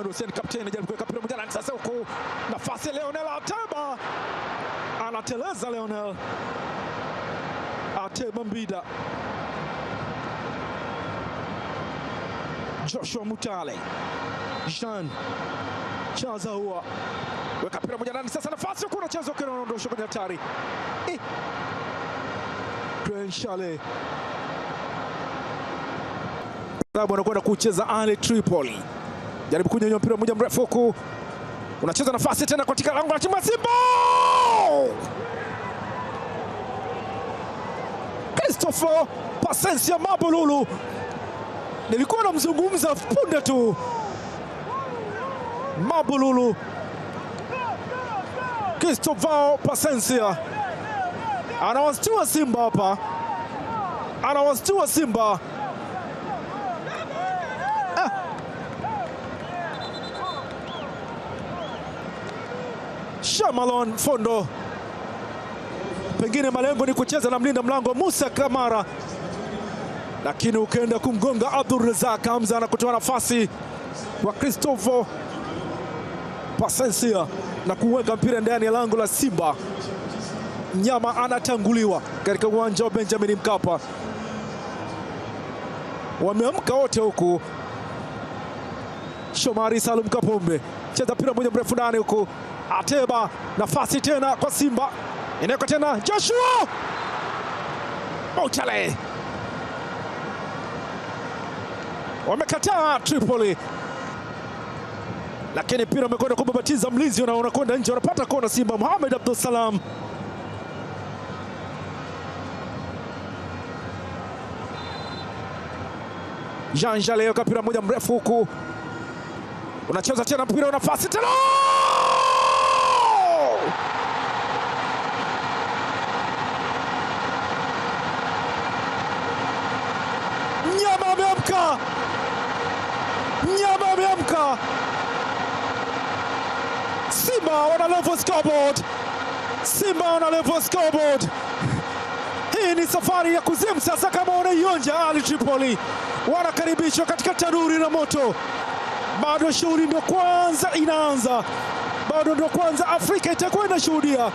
Ahmed Hussein kapteni anajaribu kuweka mpira mjana ndani, sasa huko nafasi ya Leonel Ateba anateleza. Lionel Ateba Mbida, Joshua Mutale, Jean Chazaua weka mpira mmoja ndani, sasa nafasi huko unachezwa kwa unaondosha kwenye hatari eh. sababu anakwenda kucheza Ali Tripoli jaribu kunyonya mpira mmoja mrefu huku unacheza nafasi tena katika lango la timu ya Simba. Christopher Pasensia Mabululu, nilikuwa namzungumza punde tu. Mabululu Christopher Pasensia anawastua Simba hapa, anawastua Simba. Shamalon Fondo, pengine malengo ni kucheza na mlinda mlango Musa Kamara, lakini ukaenda kumgonga Abdul Razak Hamza na kutoa nafasi kwa Christopher Pasensia na kuweka mpira ndani ya lango la Simba. Mnyama anatanguliwa katika uwanja wa Benjamin Mkapa. Wameamka wote huku. Shomari Salum Kapombe cheza mpira moja mrefu ndani huku Ateba nafasi tena kwa Simba, inaweka tena Joshua Mutale, wamekataa Tripoli, lakini mpira umekwenda kubabatiza mlinzi na unakwenda nje, wanapata kona Simba. Abdul Salam Jean Jaleo, kapira moja mrefu huku unacheza tena mpira, nafasi tena Jababemka! Jababemka! Simba wana level scoreboard. Simba wana level scoreboard. Hii ni safari ya kuzimu sasa, kama unaionja Ali Tripoli wanakaribishwa katika tanuri la moto, bado shughuli ndio kwanza inaanza bado ndo kwanza Afrika itakuwa inashuhudia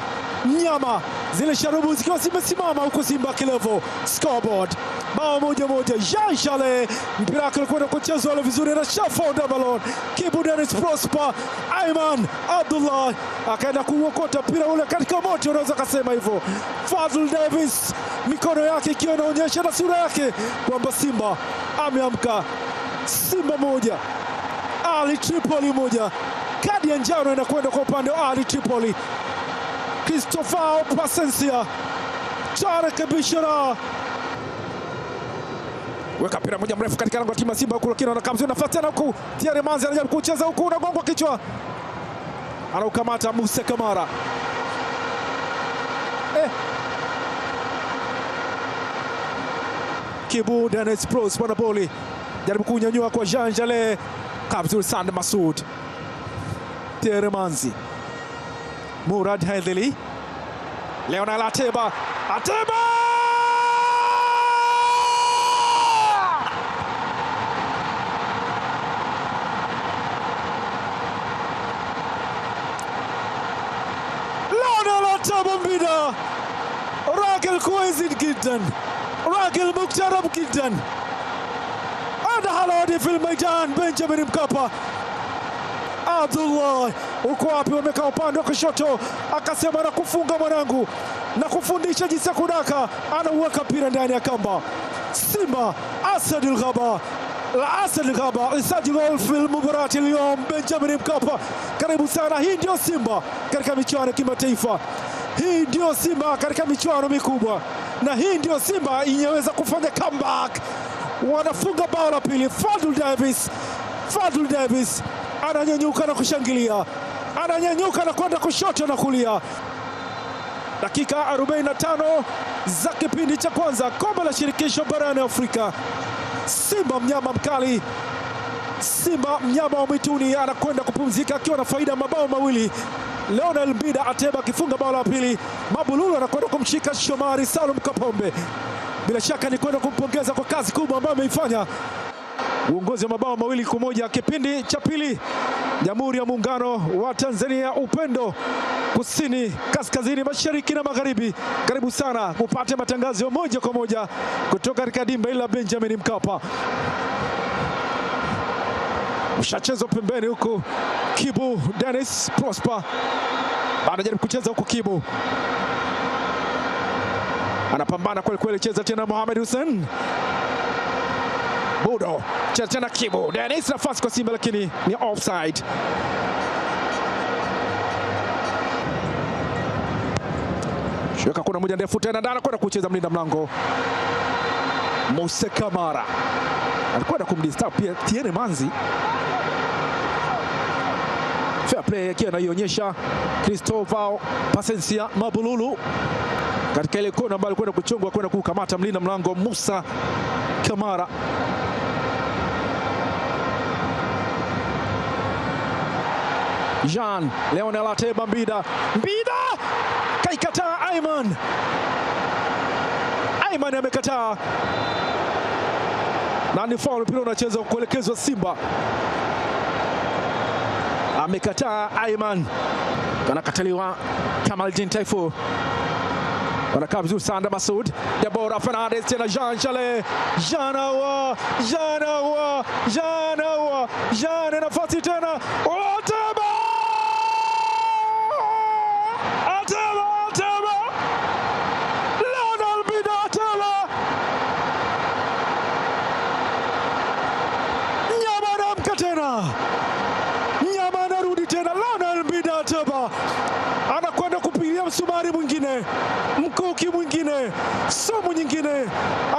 nyama zile sharubu zikiwa zimesimama huko Simba Kilevo. Scoreboard bao moja moja. Jean Shale mpira wake ulikwenda kuchezwa ile vizuri na Shafo Dabalon, Kibu Dennis Prosper, Aiman Abdullah akaenda kuokota mpira ule katika moto, unaweza kusema hivyo. Fadl Davis mikono yake ikiwa inaonyesha na sura yake kwamba Simba ameamka. Simba moja, Ali Tripoli moja kadi ya njano inakwenda kwa upande wa Ali Tripoli. Cristofao Plasencia charekebishara weka mpira moja mrefu katika lango la timu ya Simba huku lakini anakaa mzuri nafasi tena huku Thierry Manzi anajaribu kucheza huku unagongwa kichwa, anaukamata Musa Kamara eh. Kibu Dennis Pros bwana boli jaribu kunyanyua kwa Jean Jale Kabzul Sand Masud رمانزي مراد هيدلي ليونال عتيبة عتيبة ليونال عتيبة بنا راجل كويس جدا راجل مقترب جدا هذا هذه في الميدان بنجامين مكابا Abdullah uko wapi? Wamekaa upande wa kushoto, akasema na kufunga mwanangu na kufundisha jinsi ya kudaka, anauweka mpira ndani ya kamba. Simba Asadul Ghaba la Asad Ghaba isajili gol fil mubarati leo Benjamin Mkapa. Karibu sana, hii ndio Simba katika michuano ya kimataifa, hii ndio Simba katika michuano mikubwa, na hii ndio Simba inyeweza kufanya comeback. Wanafunga bao la pili, Fadul Davis, Fadul Davis ananyanyuka na kushangilia, ananyanyuka na kwenda kushoto na kulia. Dakika 45 za kipindi cha kwanza, kombe la shirikisho barani Afrika. Simba mnyama mkali, Simba mnyama wa mwituni anakwenda kupumzika akiwa na faida mabao mawili. Leonel Bida Ateba akifunga bao la pili, Mabululu anakwenda kumshika Shomari Salum Kapombe. Bila shaka ni kwenda kumpongeza kwa kazi kubwa ambayo ameifanya uongozi wa mabao mawili kwa moja kipindi cha pili. Jamhuri ya Muungano wa Tanzania, upendo kusini, kaskazini, mashariki na magharibi, karibu sana kupata matangazo moja kwa moja kutoka katika dimba hili la Benjamin Mkapa. ushachezwa pembeni huku, Kibu Dennis Prosper anajaribu kucheza huku, Kibu anapambana kweli kweli, cheza tena Mohamed Hussein Budo cheza na Kibu Dennis, nafasi kwa Simba lakini ni offside. Shweka kuna moja ndefu tena ndani kwenda kucheza mlinda mlango Musa Kamara alikwenda kumdisturb pia Tiene Manzi. Fair play akiwa anaionyesha Cristovao Pasensia Mabululu katika ile kona ambayo alikwenda kuchongwa kwenda kukamata mlinda mlango Musa Kamara. Jean Leonel Ateba Mbida, Mbida kaikataa Aiman, Aiman amekataa na ni faul. Mpira unacheza kuelekezwa Simba, amekataa Aiman, anakataliwa Kamal Jin Taifu wanakaa vizuri sana Masud Debora Fernandez tena Jean Chale Janawa Janawa Janawa Jana nafasi tena wote anakwenda kupigia msumari mwingine, mkuki mwingine, somu nyingine,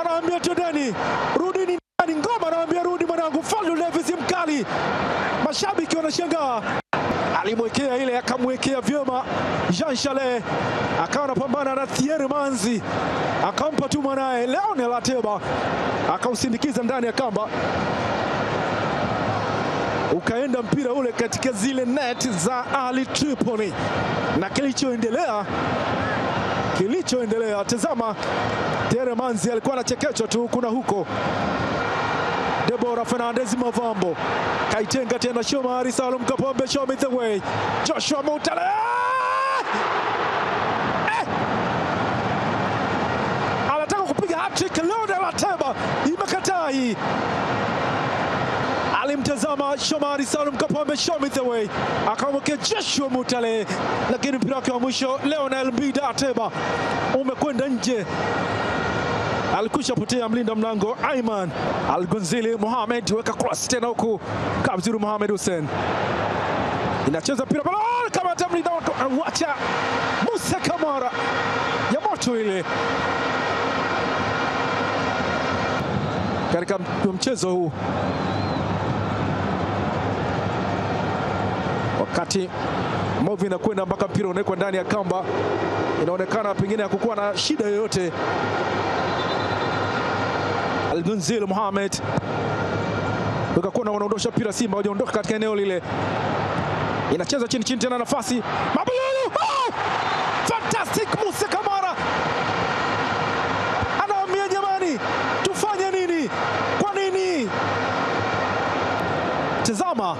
anaambia Todeni, rudini ndani. Ngoma anaambia rudi mwanangu. Falu Davis mkali, mashabiki wanashangaa alimwekea ile akamwekea vyema Jean Chalet, akawa anapambana na Thierry Manzi, akampa tu mwanaye Leon Lateba, akausindikiza ndani ya kamba ukaenda mpira ule katika zile net za Ali Tripoli, na kilichoendelea kilichoendelea, tazama, Teremanzi alikuwa na chekecho tu, kuna huko Debora Fernandez Mavambo kaitenga tena, Shomari Salum Kapombe, show me the way, Joshua Mutale eh! anataka kupiga hattrick, Leonard Ateba imekataa hii. Anamtazama Shomari Salum Kapombe, Shomith away akamwekea Joshua Mutale, lakini mpira wake wa mwisho Leonel Bida Ateba umekwenda nje. Alikusha potea mlinda mlango Aiman Algunzili Mohamed, weka cross tena huku Kabziru Mohamed Hussein inacheza mpira pale, kamata mlinda wacha Musa Kamara ya moto ile katika mchezo huu. kati movi inakwenda mpaka mpira unawekwa ndani ya kamba. Inaonekana pengine hakukuwa na shida yoyote. Algunzil Mohamed weka kona, wanaondosha mpira Simba, wajaondoka katika eneo lile, inacheza chini chini tena, nafasi Mabayolo! Oh! Fantastic Musa Kamara anawaambia jamani, tufanye nini? Kwa nini? Tazama,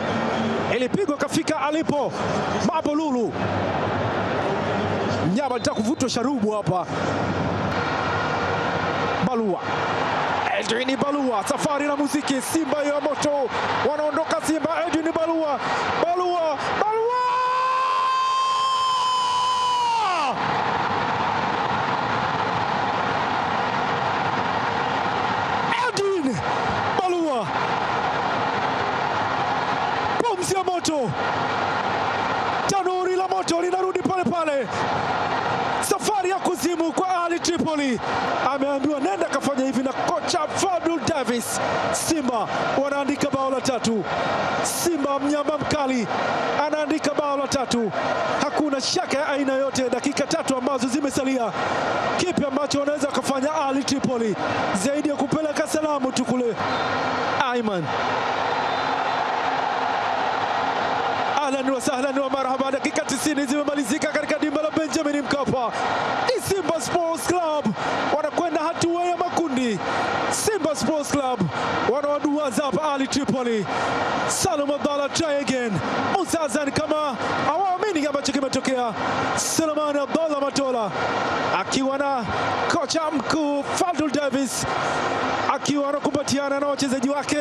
ilipigwa alipo Babu Lulu. Mnyama alitaka kuvutwa sharubu hapa. Balua Edwin Balua, safari na muziki, Simba ya moto wanaondoka. Simba Edwin Balua Napoli ameambiwa nenda akafanya hivi na kocha Fadul Davis. Simba wanaandika bao la tatu. Simba mnyama mkali anaandika bao la tatu, hakuna shaka ya aina yote. Dakika tatu ambazo zimesalia, kipi ambacho wanaweza wakafanya Ali Tripoli zaidi ya kupeleka salamu tu kule Aiman Ahlan wasahlan wa marhaba, dakika 90 zimemalizika katika dimba la Benjamin Mkapa. Sports Club. One on do was up Ali Tripoli. Salum Abdallah try again. Musa Zankama anatokea Selemani Abdallah Matola akiwa na kocha mkuu Fadul Davis akiwa anakumbatiana na wachezaji wake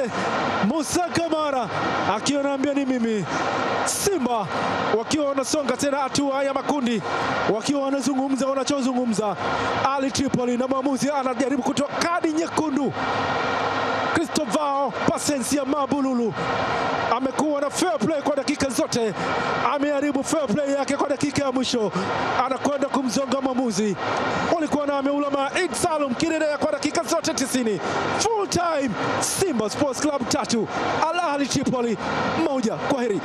Musa Kamara akiwa anaambia ni mimi. Simba wakiwa wanasonga tena hatua ya makundi, wakiwa wanazungumza wanachozungumza. Ali Tripoli na mwamuzi anajaribu kutoa kadi nyekundu. Cristovao Pasensia Mabululu amekuwa na fair play kwa dakika zote, ameharibu fair play yake kwa dakika ya mwisho, anakwenda kumzonga mwamuzi. Ulikuwa na ameulama Id Salum Kirerea kwa dakika zote tisini. Full time Simba Sports Club tatu Al Ahly Tripoli moja. heri.